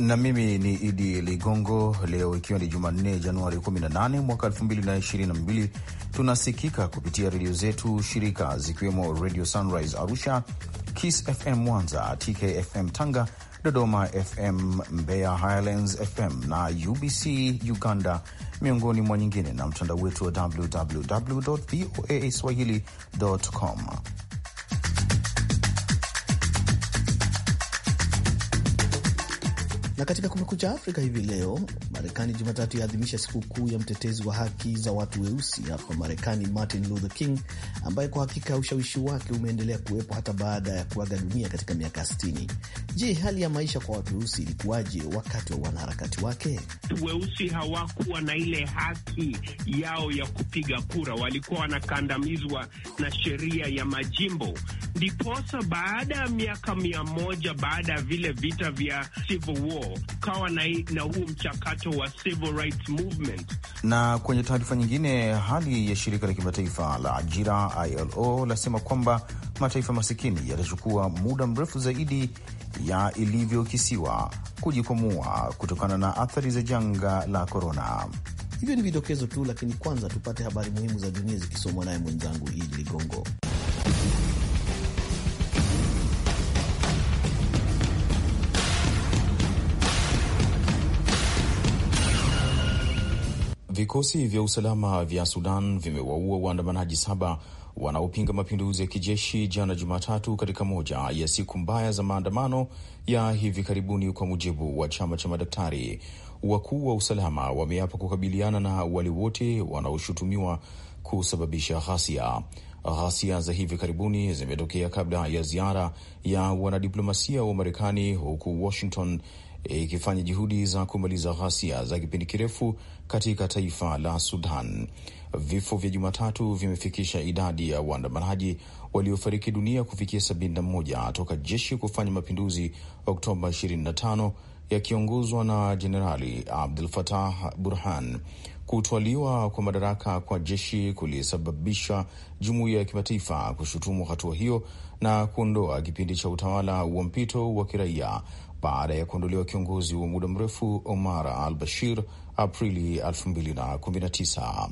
na mimi ni Idi Ligongo. Leo ikiwa ni Jumanne, Januari 18 mwaka 2022, tunasikika kupitia redio zetu shirika zikiwemo Radio Sunrise Arusha, Kiss FM Mwanza, TKFM Tanga, Dodoma FM, Mbeya Highlands FM na UBC Uganda, miongoni mwa nyingine, na mtandao wetu wa www voa swahili.com. Na katika Kumekucha Afrika hivi leo, Marekani Jumatatu yaadhimisha sikukuu ya mtetezi wa haki za watu weusi hapa Marekani, Martin Luther King, ambaye kwa hakika ushawishi wake umeendelea kuwepo hata baada ya kuaga dunia katika miaka 60. Je, hali ya maisha kwa watu weusi ilikuwaje wakati wa wanaharakati wake? Weusi hawakuwa na ile haki yao ya kupiga kura, walikuwa wanakandamizwa na sheria ya majimbo, ndiposa baada ya miaka mia moja baada ya vile vita vya Civil War kawa na, na huu mchakato wa civil rights movement. Na kwenye taarifa nyingine, hali ya shirika la kimataifa la ajira ILO lasema kwamba mataifa masikini yatachukua muda mrefu zaidi ya ilivyokisiwa kujikwamua kutokana na athari za janga la korona. Hivyo ni vidokezo tu, lakini kwanza tupate habari muhimu za dunia zikisomwa naye mwenzangu Idi Ligongo. Vikosi vya usalama vya Sudan vimewaua waandamanaji saba wanaopinga mapinduzi ya kijeshi jana Jumatatu, katika moja ya siku mbaya za maandamano ya hivi karibuni, kwa mujibu wa chama cha madaktari. Wakuu wa usalama wameapa kukabiliana na wale wote wanaoshutumiwa kusababisha ghasia. Ghasia za hivi karibuni zimetokea kabla ya ziara ya wanadiplomasia wa Marekani, huku Washington E, ikifanya juhudi za kumaliza ghasia za kipindi kirefu katika taifa la Sudan. Vifo vya Jumatatu vimefikisha idadi ya waandamanaji waliofariki dunia kufikia moja toka jeshi kufanya mapinduzi Oktoba 25 yakiongozwa na Jenerali Abdul Fatah Burhan. Kutwaliwa kwa madaraka kwa jeshi kulisababisha jumuiya ya kimataifa kushutumu hatua hiyo na kuondoa kipindi cha utawala wa mpito wa kiraia baada ya kuondolewa kiongozi wa muda mrefu Omar al Bashir Aprili 2019.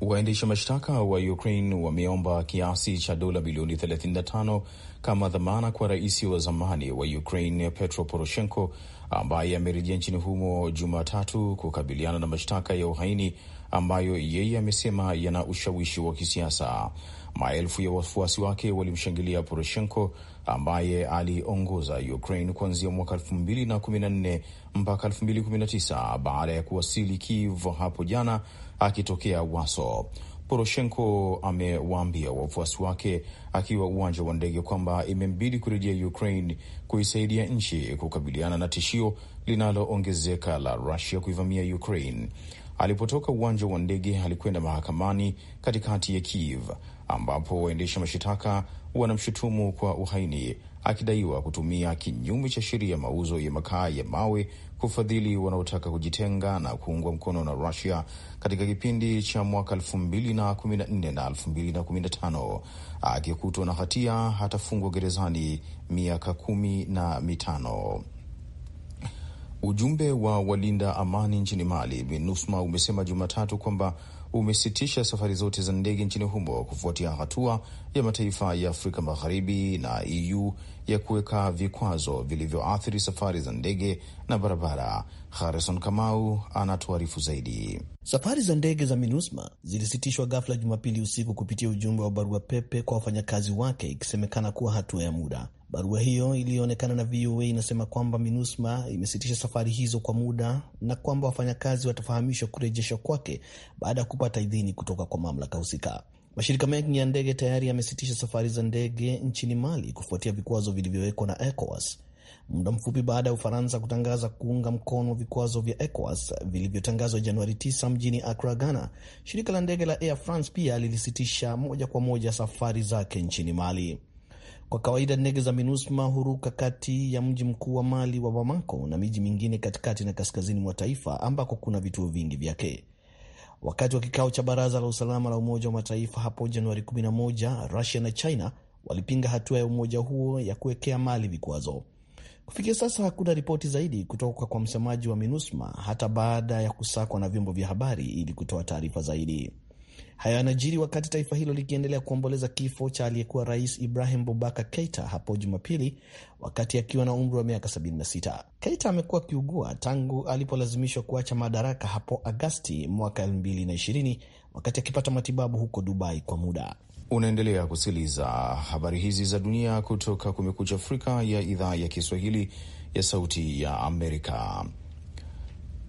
Waendesha mashtaka wa Ukraine wameomba kiasi cha dola bilioni 35 kama dhamana kwa rais wa zamani wa Ukraine Petro Poroshenko ambaye amerejea nchini humo Jumatatu kukabiliana na mashtaka ya uhaini ambayo yeye amesema yana ushawishi wa kisiasa. Maelfu ya wafuasi wake walimshangilia Poroshenko ambaye aliongoza Ukraine kuanzia mwaka 2014 mpaka 2019 baada ya kuwasili Kiev hapo jana akitokea Waso. Poroshenko amewaambia wafuasi wake akiwa uwanja wa ndege kwamba imembidi kurejea Ukraine kuisaidia nchi kukabiliana na tishio linaloongezeka la Rusia kuivamia Ukraine. Alipotoka uwanja wa ndege alikwenda mahakamani katikati ya Kiev ambapo waendesha mashitaka wanamshutumu kwa uhaini akidaiwa kutumia kinyume cha sheria mauzo ya makaa ya mawe kufadhili wanaotaka kujitenga na kuungwa mkono na Rusia katika kipindi cha mwaka elfu na Akikutwa na hatia hatafungwa gerezani miaka kumi na mitano. Ujumbe wa walinda amani nchini Mali, MINUSMA, umesema Jumatatu kwamba umesitisha safari zote za ndege nchini humo kufuatia hatua ya mataifa ya Afrika Magharibi na EU ya kuweka vikwazo vilivyoathiri safari za ndege na barabara. Harrison Kamau anatuarifu zaidi. Safari za ndege za MINUSMA zilisitishwa ghafla Jumapili usiku kupitia ujumbe wa barua pepe kwa wafanyakazi wake, ikisemekana kuwa hatua ya muda. Barua hiyo iliyoonekana na VOA inasema kwamba MINUSMA imesitisha safari hizo kwa muda na kwamba wafanyakazi watafahamishwa kurejeshwa kwake baada ya kupata idhini kutoka kwa mamlaka husika. Mashirika mengi ya ndege tayari yamesitisha safari za ndege nchini Mali kufuatia vikwazo vilivyowekwa na ECOWAS muda mfupi baada ya Ufaransa kutangaza kuunga mkono vikwazo vya ECOWAS vilivyotangazwa Januari 9 mjini Accra, Ghana. Shirika la ndege la Air France pia lilisitisha moja kwa moja safari zake nchini Mali. Kwa kawaida ndege za MINUSMA huruka kati ya mji mkuu wa Mali wa Bamako na miji mingine katikati na kaskazini mwa taifa ambako kuna vituo vingi vyake. Wakati wa kikao cha Baraza la Usalama la Umoja wa Mataifa hapo Januari 11, Rusia na China walipinga hatua ya umoja huo ya kuwekea Mali vikwazo. Kufikia sasa hakuna ripoti zaidi kutoka kwa msemaji wa MINUSMA hata baada ya kusakwa na vyombo vya habari ili kutoa taarifa zaidi. Haya yanajiri wakati taifa hilo likiendelea kuomboleza kifo cha aliyekuwa rais Ibrahim Boubacar Keita hapo Jumapili, wakati akiwa na umri wa miaka 76. Keita amekuwa akiugua tangu alipolazimishwa kuacha madaraka hapo Agasti mwaka 2020 wakati akipata matibabu huko Dubai kwa muda. Unaendelea kusikiliza habari hizi za dunia kutoka Kumekucha Afrika ya idhaa ya Kiswahili ya Sauti ya Amerika.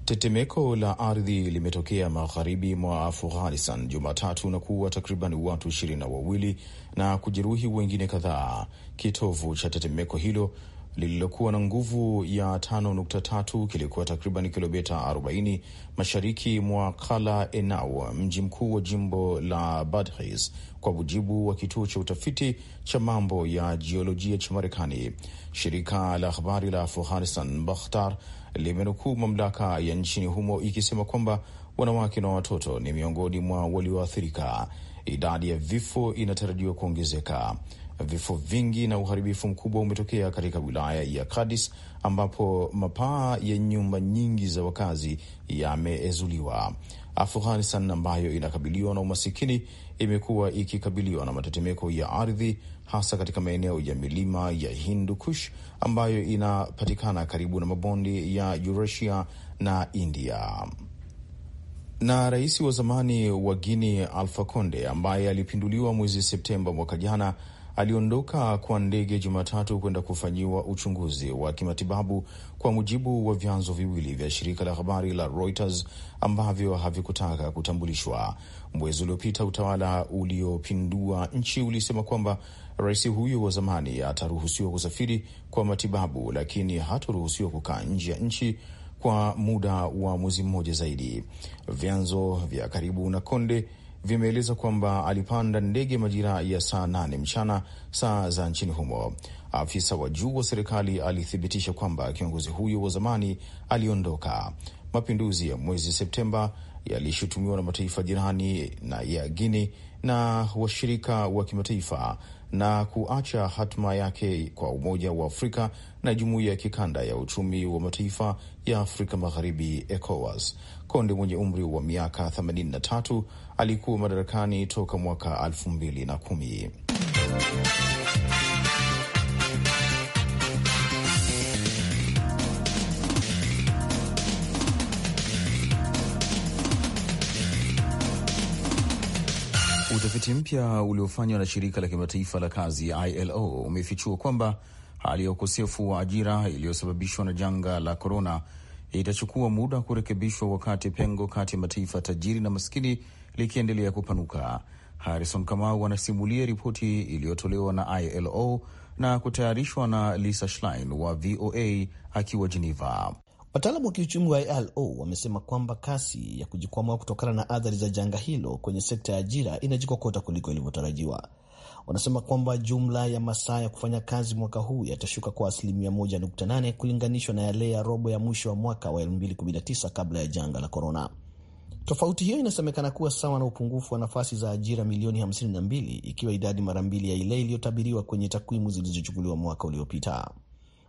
Tetemeko la ardhi limetokea magharibi mwa Afghanistan Jumatatu na kuua takriban watu ishirini na wawili na kujeruhi wengine kadhaa. Kitovu cha tetemeko hilo lililokuwa na nguvu ya 5.3 kilikuwa takriban kilomita 40 mashariki mwa Kala Enau, mji mkuu wa jimbo la Badghis, kwa mujibu wa kituo cha utafiti cha mambo ya jiolojia cha Marekani. Shirika la habari la Afghanistan Bakhtar limenukuu mamlaka ya nchini humo ikisema kwamba wanawake na watoto ni miongoni mwa walioathirika. Idadi ya vifo inatarajiwa kuongezeka. Vifo vingi na uharibifu mkubwa umetokea katika wilaya ya Kadis ambapo mapaa ya nyumba nyingi za wakazi yameezuliwa. Afghanistan ambayo inakabiliwa na umasikini imekuwa ikikabiliwa na matetemeko ya ardhi hasa katika maeneo ya milima ya Hindu Kush ambayo inapatikana karibu na mabonde ya Eurasia na India. Na rais wa zamani wa Guinea Alpha Conde ambaye alipinduliwa mwezi Septemba mwaka jana aliondoka kwa ndege Jumatatu kwenda kufanyiwa uchunguzi wa kimatibabu, kwa mujibu wa vyanzo viwili vya shirika la habari la Reuters ambavyo havikutaka kutambulishwa. Mwezi uliopita, utawala uliopindua nchi ulisema kwamba rais huyo wa zamani ataruhusiwa kusafiri kwa matibabu, lakini hataruhusiwa kukaa nje ya nchi kwa muda wa mwezi mmoja zaidi. Vyanzo vya karibu na Konde vimeeleza kwamba alipanda ndege majira ya saa nane mchana saa za nchini humo. Afisa wa juu wa serikali alithibitisha kwamba kiongozi huyo wa zamani aliondoka. Mapinduzi ya mwezi Septemba yalishutumiwa na mataifa jirani na ya Guini na washirika wa kimataifa na kuacha hatima yake kwa Umoja wa Afrika na Jumuiya ya Kikanda ya Uchumi wa Mataifa ya Afrika Magharibi, ECOWAS. Konde mwenye umri wa miaka 83 alikuwa madarakani toka mwaka elfu mbili na kumi. Utafiti mpya uliofanywa na shirika la kimataifa la kazi ILO umefichua kwamba hali ya ukosefu wa ajira iliyosababishwa na janga la korona itachukua muda kurekebishwa, wakati pengo kati ya mataifa tajiri na maskini likiendelea kupanuka. Harrison Kamau anasimulia ripoti iliyotolewa na ILO na kutayarishwa na Lisa Schlein wa VOA akiwa Geneva. Wataalamu wa kiuchumi wa ILO wamesema kwamba kasi ya kujikwamua kutokana na athari za janga hilo kwenye sekta ya ajira inajikokota kuliko ilivyotarajiwa. Wanasema kwamba jumla ya masaa ya kufanya kazi mwaka huu yatashuka kwa asilimia 1.8 kulinganishwa na yale ya robo ya mwisho wa mwaka wa 2019 kabla ya janga la korona. Tofauti hiyo inasemekana kuwa sawa na upungufu wa nafasi za ajira milioni 52 ikiwa idadi mara mbili ya ile iliyotabiriwa kwenye takwimu zilizochukuliwa mwaka uliopita.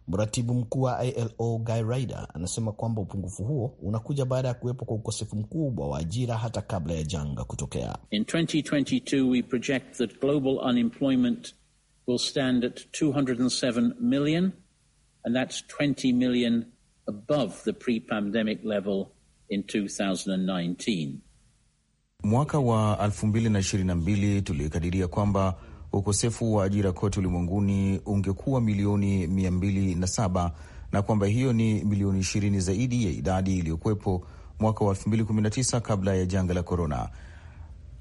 Mratibu mkuu wa ILO Guy Ryder anasema kwamba upungufu huo unakuja baada ya kuwepo kwa ukosefu mkubwa wa ajira hata kabla ya janga kutokea. In 2022 we project that global unemployment will stand at 207 million and that's 20 million above the pre-pandemic level in 2019. Mwaka wa 2022 tulikadiria kwamba ukosefu wa ajira kote ulimwenguni ungekuwa milioni 207 na kwamba hiyo ni milioni 20 zaidi ya idadi iliyokuwepo mwaka wa 2019 kabla ya janga la korona.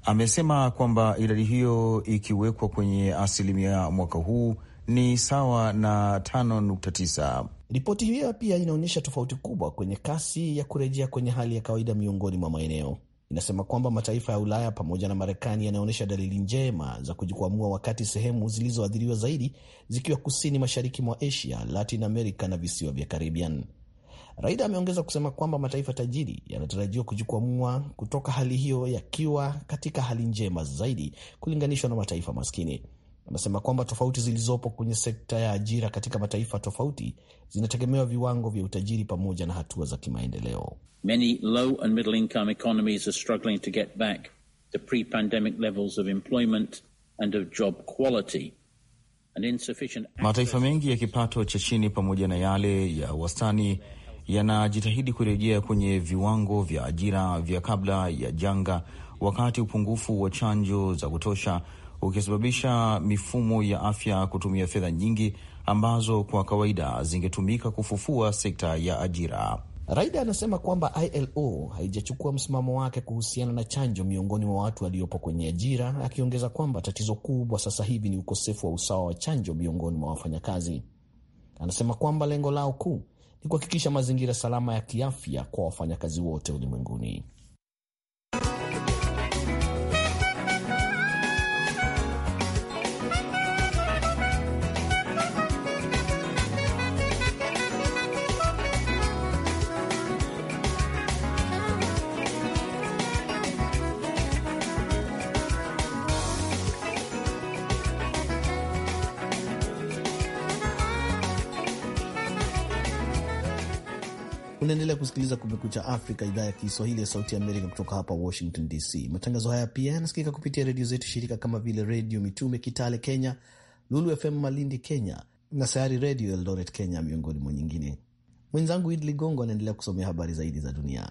Amesema kwamba idadi hiyo ikiwekwa kwenye asilimia mwaka huu ni sawa na 5.9. Ripoti hiyo pia inaonyesha tofauti kubwa kwenye kasi ya kurejea kwenye hali ya kawaida miongoni mwa maeneo. Inasema kwamba mataifa ya Ulaya pamoja na Marekani yanaonyesha dalili njema za kujikwamua, wakati sehemu zilizoathiriwa zaidi zikiwa kusini mashariki mwa Asia, Latin America na visiwa vya Caribbean. Raida ameongeza kusema kwamba mataifa tajiri yanatarajiwa kujikwamua kutoka hali hiyo yakiwa katika hali njema zaidi kulinganishwa na mataifa maskini. Anasema kwamba tofauti zilizopo kwenye sekta ya ajira katika mataifa tofauti zinategemewa viwango vya utajiri pamoja na hatua za kimaendeleo. Many low and middle income economies are struggling to get back to pre-pandemic levels of employment and of job quality. Mataifa mengi ya kipato cha chini pamoja na yale ya wastani yanajitahidi kurejea kwenye viwango vya ajira vya kabla ya janga, wakati upungufu wa chanjo za kutosha ukisababisha mifumo ya afya kutumia fedha nyingi ambazo kwa kawaida zingetumika kufufua sekta ya ajira. Raida anasema kwamba ILO haijachukua msimamo wake kuhusiana na chanjo miongoni mwa watu waliopo kwenye ajira, akiongeza kwamba tatizo kubwa sasa hivi ni ukosefu wa usawa wa chanjo miongoni mwa wafanyakazi. Anasema kwamba lengo lao kuu ni kuhakikisha mazingira salama ya kiafya kwa wafanyakazi wote ulimwenguni. kusikiliza Kumekucha Afrika, idhaa ya Kiswahili ya Sauti ya Amerika kutoka hapa Washington DC. Matangazo haya pia yanasikika kupitia redio zetu shirika kama vile Redio Mitume Kitale Kenya, Lulu FM Malindi Kenya na Sayari Redio Eldoret Kenya, miongoni mwa nyingine. Mwenzangu Idli gongo anaendelea kusomea habari zaidi za dunia.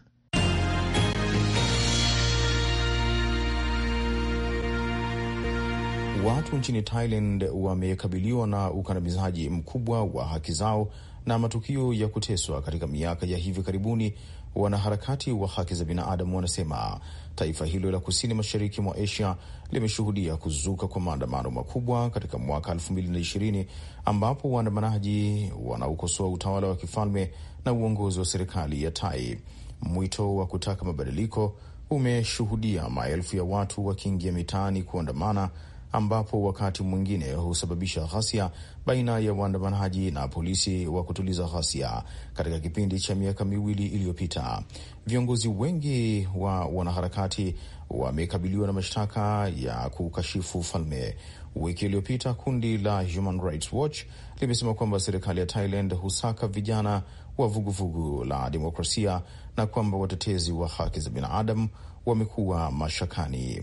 Watu nchini Thailand wamekabiliwa na ukandamizaji mkubwa wa haki zao na matukio ya kuteswa katika miaka ya hivi karibuni, wanaharakati wa haki za binadamu wanasema taifa hilo la kusini mashariki mwa Asia limeshuhudia kuzuka kwa maandamano makubwa katika mwaka 2020 ambapo waandamanaji wanaokosoa utawala wa kifalme na uongozi wa serikali ya Tai. Mwito wa kutaka mabadiliko umeshuhudia maelfu ya watu wakiingia mitaani kuandamana ambapo wakati mwingine husababisha ghasia baina ya waandamanaji na polisi wa kutuliza ghasia. Katika kipindi cha miaka miwili iliyopita, viongozi wengi wa wanaharakati wamekabiliwa na mashtaka ya kukashifu falme. Wiki iliyopita kundi la Human Rights Watch limesema kwamba serikali ya Thailand husaka vijana wa vuguvugu vugu la demokrasia na kwamba watetezi wa haki za binadamu wamekuwa mashakani.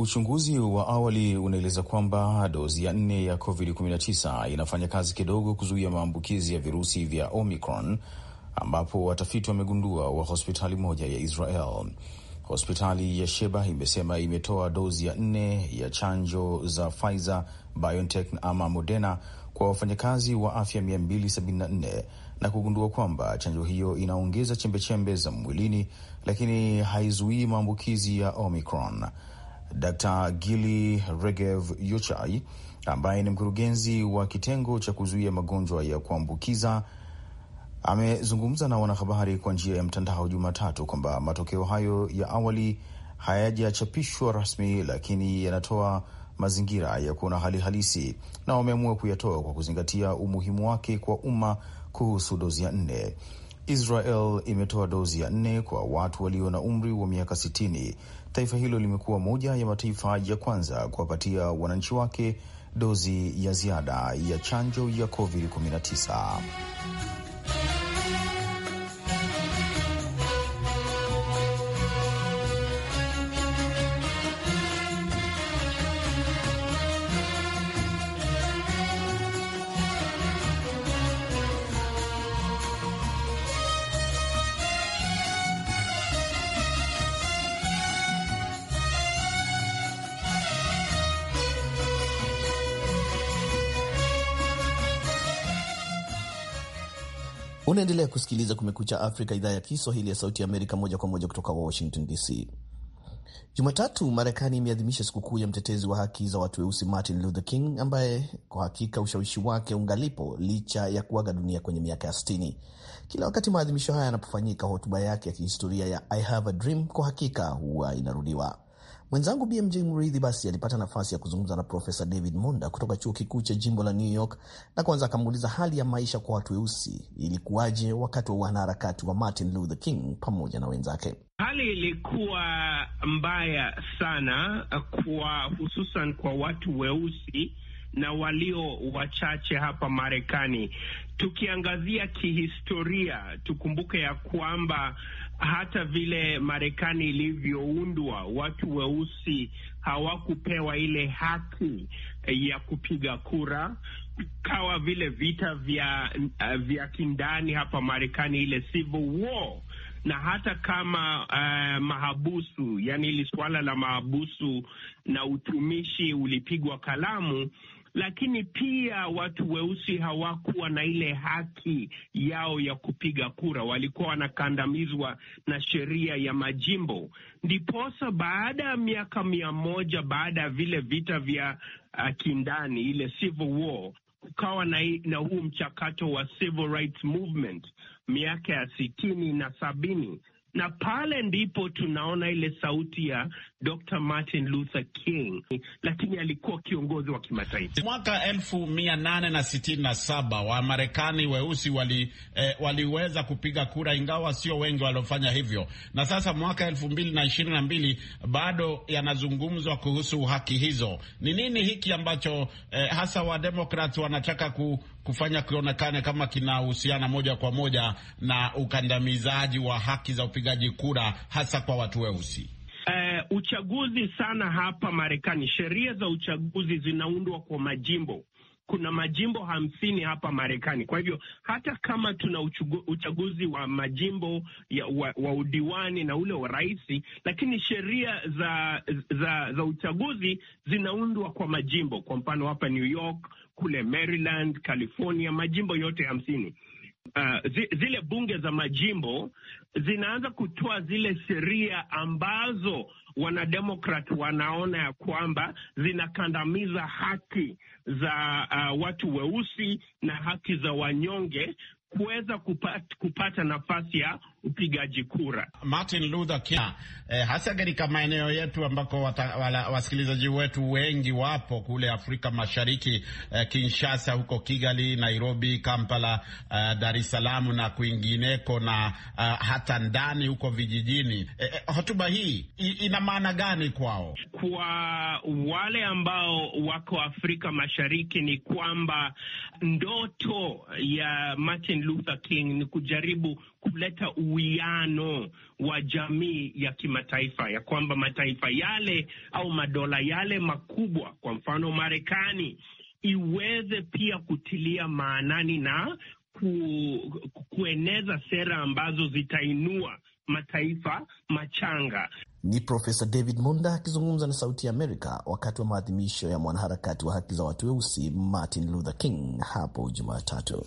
Uchunguzi wa awali unaeleza kwamba dozi ya nne ya COVID-19 inafanya kazi kidogo kuzuia maambukizi ya virusi vya Omicron, ambapo watafiti wamegundua wa hospitali moja ya Israel. Hospitali ya Sheba imesema imetoa dozi ya nne ya chanjo za Pfizer BioNTech ama Moderna kwa wafanyakazi wa afya 274 na kugundua kwamba chanjo hiyo inaongeza chembechembe za mwilini, lakini haizuii maambukizi ya Omicron. Dr Gili Regev Yuchai ambaye ni mkurugenzi wa kitengo cha kuzuia magonjwa ya kuambukiza amezungumza na wanahabari kwa njia ya mtandao Jumatatu kwamba matokeo hayo ya awali hayajachapishwa rasmi, lakini yanatoa mazingira ya kuona hali halisi, na wameamua kuyatoa kwa kuzingatia umuhimu wake kwa umma kuhusu dozi ya nne. Israel imetoa dozi ya nne kwa watu walio na umri wa miaka 60 Taifa hilo limekuwa moja ya mataifa ya kwanza kuwapatia wananchi wake dozi ya ziada ya chanjo ya COVID-19. Unaendelea kusikiliza Kumekucha Afrika, idhaa ya Kiswahili ya Sauti ya Amerika, moja kwa moja kutoka Washington DC. Jumatatu, Marekani imeadhimisha sikukuu ya mtetezi wa haki za watu weusi Martin Luther King, ambaye kwa hakika ushawishi wake ungalipo licha ya kuaga dunia kwenye miaka ya 60. Kila wakati maadhimisho haya yanapofanyika, hotuba yake ya kihistoria ya I have a dream kwa hakika huwa inarudiwa. Mwenzangu BMJ mridhi basi alipata nafasi ya kuzungumza na Profesa David Munda kutoka chuo kikuu cha jimbo la New York, na kwanza akamuuliza hali ya maisha kwa watu weusi ilikuwaje wakati wa wanaharakati wa Martin Luther King pamoja na wenzake. Hali ilikuwa mbaya sana kwa hususan kwa watu weusi na walio wachache hapa Marekani. Tukiangazia kihistoria, tukumbuke ya kwamba hata vile Marekani ilivyoundwa, watu weusi hawakupewa ile haki ya kupiga kura. Kawa vile vita vya, eh, vya kindani hapa Marekani, ile civil war na hata kama uh, mahabusu, yani ili suala la mahabusu na utumishi ulipigwa kalamu lakini pia watu weusi hawakuwa na ile haki yao ya kupiga kura, walikuwa wanakandamizwa na sheria ya majimbo. Ndiposa baada ya miaka mia moja baada ya vile vita vya uh, kindani, ile civil war kukawa na, na huu mchakato wa civil rights movement miaka ya sitini na sabini na pale ndipo tunaona ile sauti ya Dr. Martin Luther King, lakini alikuwa kiongozi wa kimataifa. Mwaka elfu mia nane na sitini na saba Wamarekani weusi wali, eh, waliweza kupiga kura ingawa sio wengi waliofanya hivyo, na sasa mwaka elfu mbili na ishirini na mbili bado yanazungumzwa kuhusu haki hizo. Ni nini hiki ambacho eh, hasa wademokrat wanataka ku, kufanya kionekane kama kinahusiana moja kwa moja na ukandamizaji wa haki za upigaji kura hasa kwa watu weusi? uh, uchaguzi sana hapa Marekani. Sheria za uchaguzi zinaundwa kwa majimbo. Kuna majimbo hamsini hapa Marekani. Kwa hivyo hata kama tuna uchaguzi wa majimbo ya, wa, wa udiwani na ule wa rais, lakini sheria za, za, za uchaguzi zinaundwa kwa majimbo. Kwa mfano hapa New York, kule Maryland, California, majimbo yote hamsini. Uh, zile bunge za majimbo zinaanza kutoa zile sheria ambazo wanademokrat wanaona ya kwamba zinakandamiza haki za uh, watu weusi na haki za wanyonge kuweza kupata, kupata nafasi ya upigaji kura. Martin Luther King eh, hasa katika maeneo yetu ambako wasikilizaji wetu wengi wapo kule Afrika Mashariki eh, Kinshasa, huko Kigali, Nairobi, Kampala, eh, Dar es Salaam na kwingineko na eh, hata ndani huko vijijini eh, eh, hotuba hii ina maana gani kwao? Kwa wale ambao wako Afrika Mashariki ni kwamba ndoto ya Martin Luther King ni kujaribu kuleta uwiano wa jamii ya kimataifa, ya kwamba mataifa yale au madola yale makubwa, kwa mfano Marekani, iweze pia kutilia maanani na ku, kueneza sera ambazo zitainua mataifa machanga. Ni Profesa David Munda akizungumza na Sauti ya Amerika wakati wa maadhimisho ya mwanaharakati wa haki za watu weusi Martin Luther King hapo Jumatatu.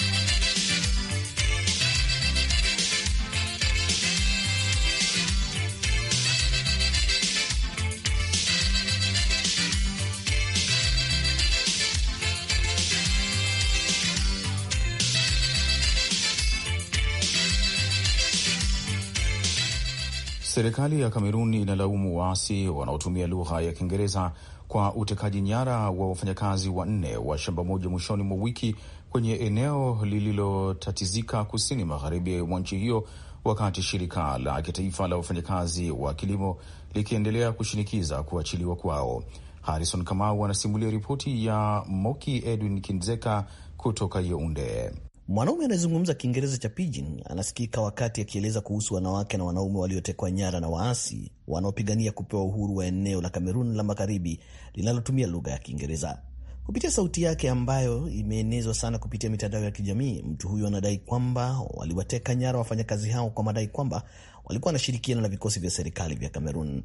Serikali ya Kamerun inalaumu waasi wanaotumia lugha ya Kiingereza kwa utekaji nyara wa wafanyakazi wanne wa shamba moja mwishoni mwa wiki kwenye eneo lililotatizika kusini magharibi mwa nchi hiyo, wakati shirika la kitaifa la wafanyakazi wa kilimo likiendelea kushinikiza kuachiliwa kwao. Harrison Kamau anasimulia ripoti ya Moki Edwin Kinzeka kutoka Yeunde. Mwanaume anayezungumza Kiingereza cha pijin anasikika wakati akieleza kuhusu wanawake na wanaume waliotekwa nyara na waasi wanaopigania kupewa uhuru wa eneo la Kamerun la magharibi linalotumia lugha ya Kiingereza. Kupitia sauti yake ambayo imeenezwa sana kupitia mitandao ya kijamii, mtu huyo anadai kwamba waliwateka nyara wafanyakazi hao kwa madai kwamba walikuwa wanashirikiana na vikosi vya serikali vya Kamerun.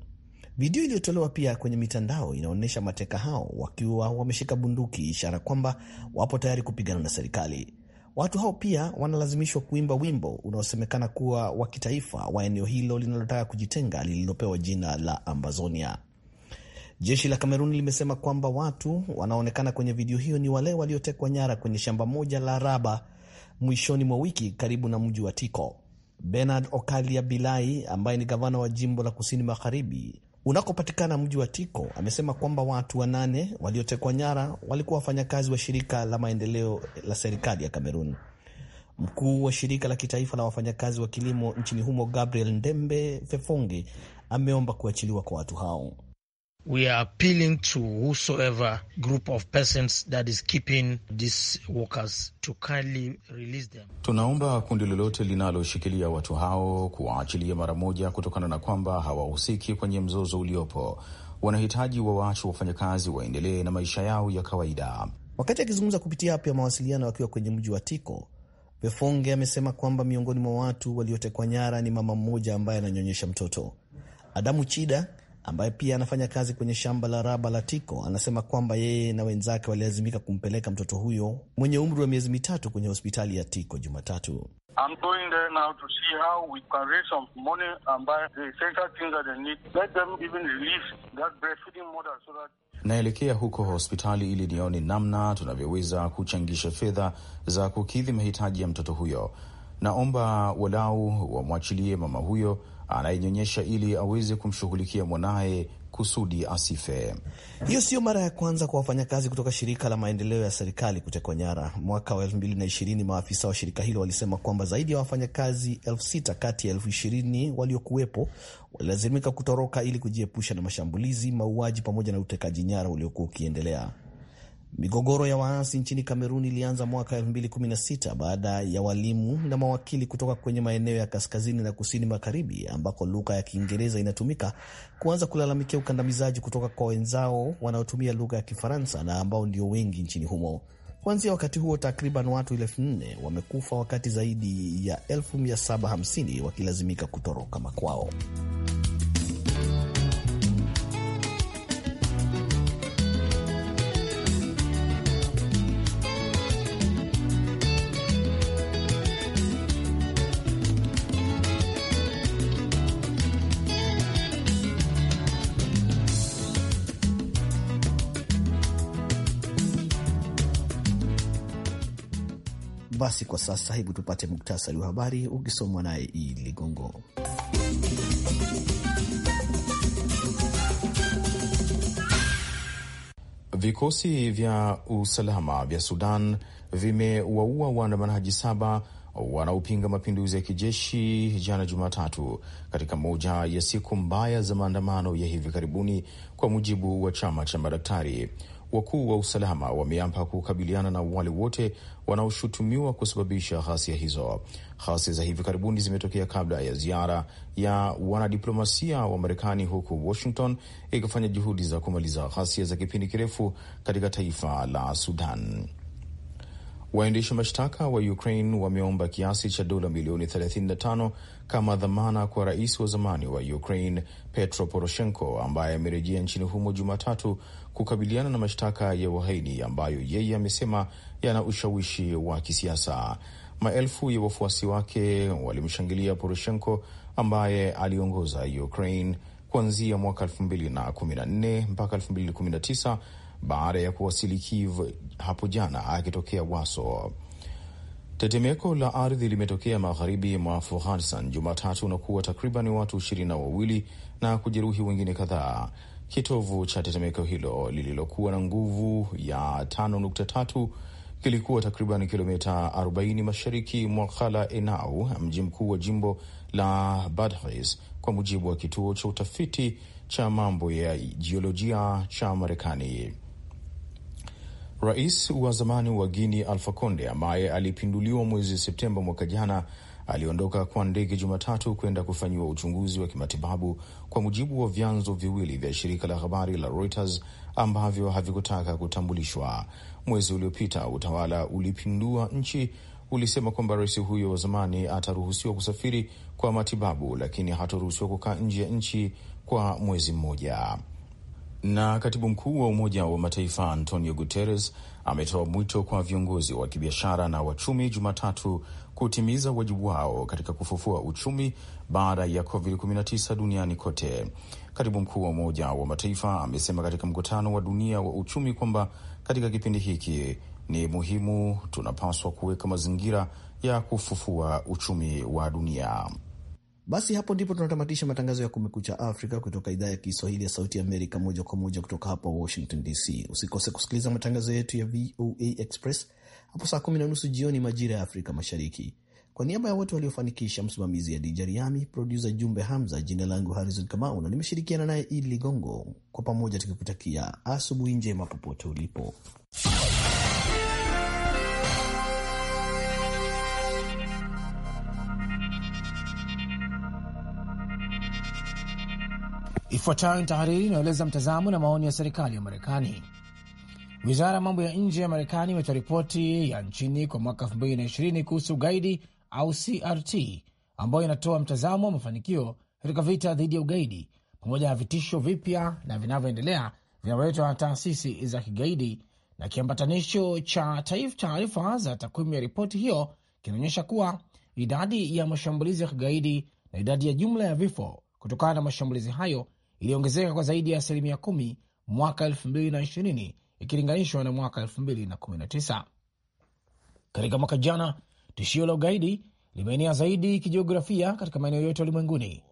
Video iliyotolewa pia kwenye mitandao inaonyesha mateka hao wakiwa wameshika bunduki, ishara kwamba wapo tayari kupigana na serikali. Watu hao pia wanalazimishwa kuimba wimbo unaosemekana kuwa wa kitaifa wa eneo hilo linalotaka kujitenga lililopewa jina la Ambazonia. Jeshi la Kameruni limesema kwamba watu wanaoonekana kwenye video hiyo ni wale waliotekwa nyara kwenye shamba moja la raba mwishoni mwa wiki karibu na mji wa Tiko. Bernard Okalia Bilai ambaye ni gavana wa jimbo la kusini magharibi unakopatikana mji wa Tiko, amesema kwamba watu wanane waliotekwa nyara walikuwa wafanyakazi wa shirika la maendeleo la serikali ya Kamerun. Mkuu wa shirika la kitaifa la wafanyakazi wa kilimo nchini humo Gabriel Ndembe Fefonge ameomba kuachiliwa kwa watu hao we are appealing to whosoever group of persons that is keeping these workers to kindly release them. Tunaomba kundi lolote linaloshikilia watu hao kuwaachilia mara moja, kutokana na kwamba hawahusiki kwenye mzozo uliopo. Wanahitaji wawache wafanyakazi waendelee na maisha yao ya kawaida. Wakati akizungumza kupitia app ya mawasiliano akiwa kwenye mji wa Tiko, Befonge amesema kwamba miongoni mwa watu waliotekwa nyara ni mama mmoja ambaye ananyonyesha mtoto. Adamu Chida ambaye pia anafanya kazi kwenye shamba la raba la Tiko, anasema kwamba yeye na wenzake walilazimika kumpeleka mtoto huyo mwenye umri wa miezi mitatu kwenye hospitali ya Tiko Jumatatu. Naelekea huko hospitali ili nione namna tunavyoweza kuchangisha fedha za kukidhi mahitaji ya mtoto huyo. Naomba walau wamwachilie mama huyo anayenyonyesha ili aweze kumshughulikia mwanaye kusudi asife. Hiyo siyo mara ya kwanza kwa wafanyakazi kutoka shirika la maendeleo ya serikali kutekwa nyara. Mwaka wa 2020 maafisa wa shirika hilo walisema kwamba zaidi ya wafanyakazi elfu sita kati ya elfu ishirini waliokuwepo walilazimika kutoroka ili kujiepusha na mashambulizi, mauaji pamoja na utekaji nyara uliokuwa ukiendelea. Migogoro ya waasi nchini Kamerun ilianza mwaka 2016 baada ya walimu na mawakili kutoka kwenye maeneo ya kaskazini na kusini magharibi ambako lugha ya Kiingereza inatumika kuanza kulalamikia ukandamizaji kutoka kwa wenzao wanaotumia lugha ya Kifaransa na ambao ndio wengi nchini humo. Kuanzia wakati huo takriban watu 4 wamekufa wakati zaidi ya 750 wakilazimika kutoroka makwao. Basi kwa sasa, hebu tupate muktasari wa habari ukisomwa naye Idi Ligongo. Vikosi vya usalama vya Sudan vimewaua waandamanaji saba wanaopinga mapinduzi ya kijeshi jana Jumatatu, katika moja ya siku mbaya za maandamano ya hivi karibuni, kwa mujibu wa chama cha madaktari wakuu wa usalama wameapa kukabiliana na wale wote wanaoshutumiwa kusababisha ghasia hizo. Ghasia za hivi karibuni zimetokea kabla ya ziara ya wanadiplomasia wa Marekani, huku Washington ikifanya juhudi za kumaliza ghasia za kipindi kirefu katika taifa la Sudan. Waendesha mashtaka wa Ukraine wameomba kiasi cha dola milioni 35 kama dhamana kwa rais wa zamani wa Ukraine Petro Poroshenko ambaye amerejea nchini humo Jumatatu kukabiliana na mashtaka ya uhaini ambayo yeye amesema yana ushawishi wa kisiasa. Maelfu ya wafuasi wake walimshangilia Poroshenko ambaye aliongoza Ukraine kuanzia mwaka 2014 mpaka 2019 baada ya kuwasili Kiev hapo jana akitokea Waso. Tetemeko la ardhi limetokea magharibi mwa Afghanistan Jumatatu na kuwa takriban watu ishirini na wawili na kujeruhi wengine kadhaa. Kitovu cha tetemeko hilo lililokuwa na nguvu ya 5.3 kilikuwa takriban kilomita 40 mashariki mwa Khala Enau, mji mkuu wa jimbo la Badghis, kwa mujibu wa kituo cha utafiti cha mambo ya jiolojia cha Marekani. Rais wa zamani wa Guini Alfa Conde ambaye alipinduliwa mwezi Septemba mwaka jana aliondoka kwa ndege Jumatatu kwenda kufanyiwa uchunguzi wa kimatibabu kwa mujibu wa vyanzo viwili vya shirika la habari la Reuters ambavyo havikutaka kutambulishwa. Mwezi uliopita utawala ulipindua nchi ulisema kwamba rais huyo wa zamani ataruhusiwa kusafiri kwa matibabu, lakini hataruhusiwa kukaa nje ya nchi kwa mwezi mmoja. Na katibu mkuu wa Umoja wa Mataifa Antonio Guterres ametoa mwito kwa viongozi wa kibiashara na wachumi Jumatatu kutimiza wajibu wao katika kufufua uchumi baada ya COVID-19 duniani kote. Katibu mkuu wa Umoja wa Mataifa amesema katika mkutano wa dunia wa uchumi kwamba katika kipindi hiki ni muhimu, tunapaswa kuweka mazingira ya kufufua uchumi wa dunia. Basi hapo ndipo tunatamatisha matangazo ya Kumekucha Afrika kutoka idhaa ya Kiswahili ya Sauti Amerika, moja kwa moja kutoka hapa Washington DC. Usikose kusikiliza matangazo yetu ya VOA Express hapo saa kumi na nusu jioni majira ya Afrika Mashariki. Kwa niaba ya wote waliofanikisha, msimamizi ya DJ Riami, produsa Jumbe Hamza, jina langu Harrison Kamau na nimeshirikiana naye Idi Ligongo, kwa pamoja tukikutakia asubuhi njema popote ulipo. Ifuatayo ni tahariri inayoeleza mtazamo na maoni ya serikali ya Marekani. Wizara ya mambo ya nje ya Marekani imetoa ripoti ya nchini kwa mwaka 2020 kuhusu ugaidi au CRT, ambayo inatoa mtazamo wa mafanikio katika vita dhidi ya ugaidi pamoja na vitisho vipya na vinavyoendelea vinavyoletwa na taasisi za kigaidi. Na kiambatanisho cha taarifa za takwimu ya ripoti hiyo kinaonyesha kuwa idadi ya mashambulizi ya kigaidi na idadi ya jumla ya vifo kutokana na mashambulizi hayo iliongezeka kwa zaidi ya asilimia kumi mwaka elfu mbili na ishirini ikilinganishwa na mwaka elfu mbili na na kumi tisa. Katika mwaka jana, tishio la ugaidi limeenea zaidi kijiografia katika maeneo yote ulimwenguni.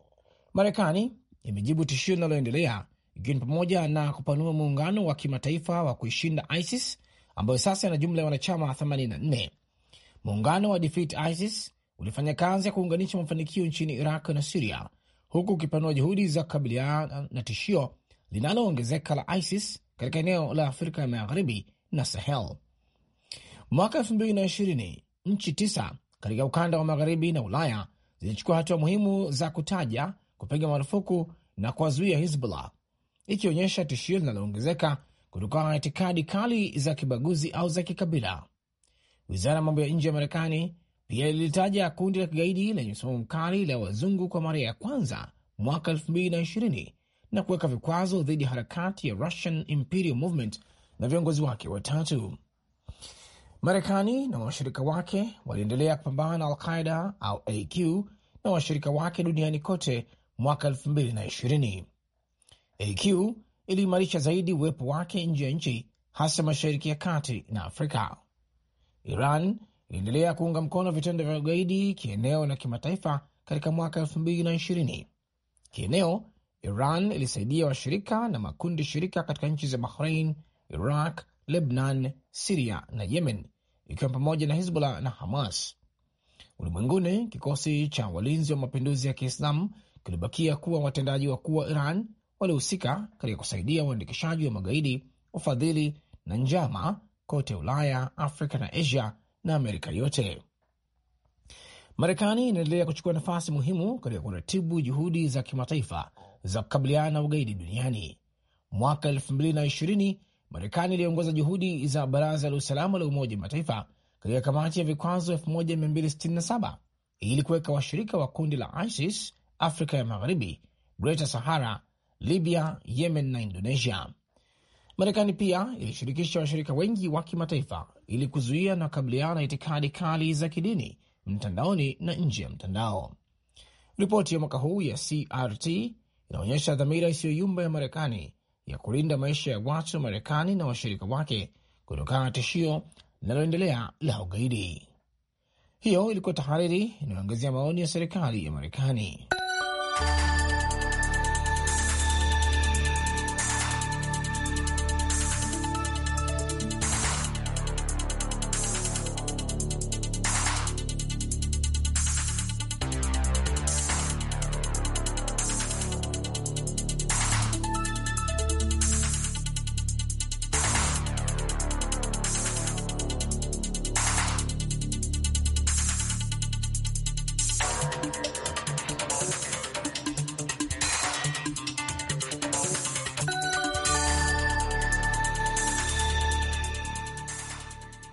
Marekani imejibu tishio linaloendelea ikiwa ni pamoja na kupanua muungano wa kimataifa wa kuishinda ISIS ambayo sasa ina jumla ya wanachama 84. Muungano wa Defeat ISIS ulifanya kazi ya kuunganisha mafanikio nchini Iraq na Siria huku ukipanua juhudi za kukabiliana na tishio linaloongezeka la ISIS katika eneo la Afrika ya magharibi na Sahel. Mwaka ishirini nchi tisa katika ukanda wa magharibi na Ulaya zilichukua hatua muhimu za kutaja, kupiga marufuku na kuwazuia Hizbullah, ikionyesha tishio linaloongezeka kutokana na itikadi kali za kibaguzi au za kikabila. Wizara ya mambo ya nje ya Marekani pia lilitaja kundi la kigaidi lenye msimamo mkali la wazungu kwa mara ya kwanza mwaka 2020 na kuweka vikwazo dhidi ya harakati ya Russian Imperial Movement na viongozi wake watatu. Marekani na washirika wake waliendelea kupambana na Alqaida au AQ na washirika wake duniani kote mwaka 2020. AQ iliimarisha zaidi uwepo wake nje ya nchi, hasa Mashariki ya Kati na Afrika. Iran iliendelea kuunga mkono vitendo vya ugaidi kieneo na kimataifa katika mwaka ishirini. Kieneo, Iran ilisaidia washirika na makundi shirika katika nchi za Bahrain, Iraq, Lebnan, Siria na Yemen, ikiwa pamoja na Hizbullah na Hamas. Ulimwenguni, kikosi cha walinzi wa mapinduzi ya Kiislamu kilibakia kuwa watendaji wakuu wa Iran waliohusika katika kusaidia uandikishaji wa magaidi, ufadhili na njama kote Ulaya, Afrika na Asia na Amerika yote. Marekani inaendelea kuchukua nafasi muhimu katika kuratibu juhudi za kimataifa za kukabiliana na ugaidi duniani. Mwaka 2020 Marekani iliongoza juhudi za Baraza la Usalama la Umoja Mataifa katika kamati ya vikwazo 1267 ili kuweka washirika wa kundi la ISIS Afrika ya Magharibi, Greta Sahara, Libya, Yemen na Indonesia. Marekani pia ilishirikisha washirika wengi wa kimataifa ili kuzuia na kukabiliana na itikadi kali za kidini mtandaoni na nje ya mtandao. Ripoti ya mwaka huu ya CRT inaonyesha dhamira isiyoyumba ya Marekani ya kulinda maisha ya watu wa Marekani na washirika wake kutokana na tishio linaloendelea la ugaidi. Hiyo ilikuwa tahariri inayoangazia maoni ya serikali ya Marekani.